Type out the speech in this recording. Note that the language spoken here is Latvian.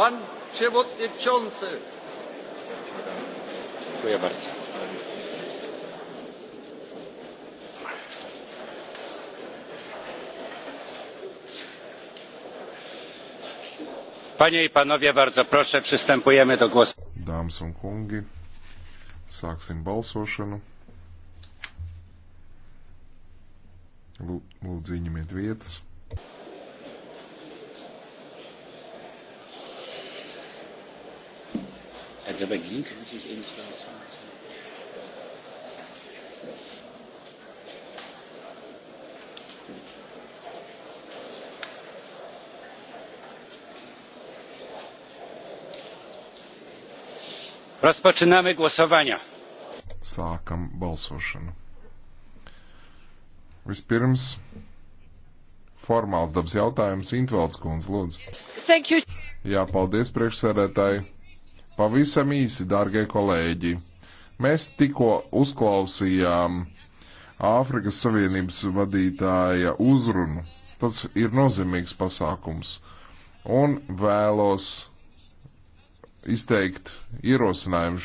Pan Przewodniczący. Dziękuję bardzo. Panie i panowie, bardzo proszę, przystępujemy do głosowania. Dāmas un kungi, sāksim balsošanu. Lūdzu, ieņemiet vietas. Herr Weber ging. Rozpoczynamy głosowania. Sākam balsošanu. Vispirms formāls dabas jautājums Intvalds kundze, lūdzu. Jā, paldies priekšsēdētāji. Pavisam īsi, dārgie kolēģi, mēs tikko uzklausījām Āfrikas Savienības vadītāja uzrunu. Tas ir nozīmīgs pasākums. Un vēlos izteikt ierosinājumu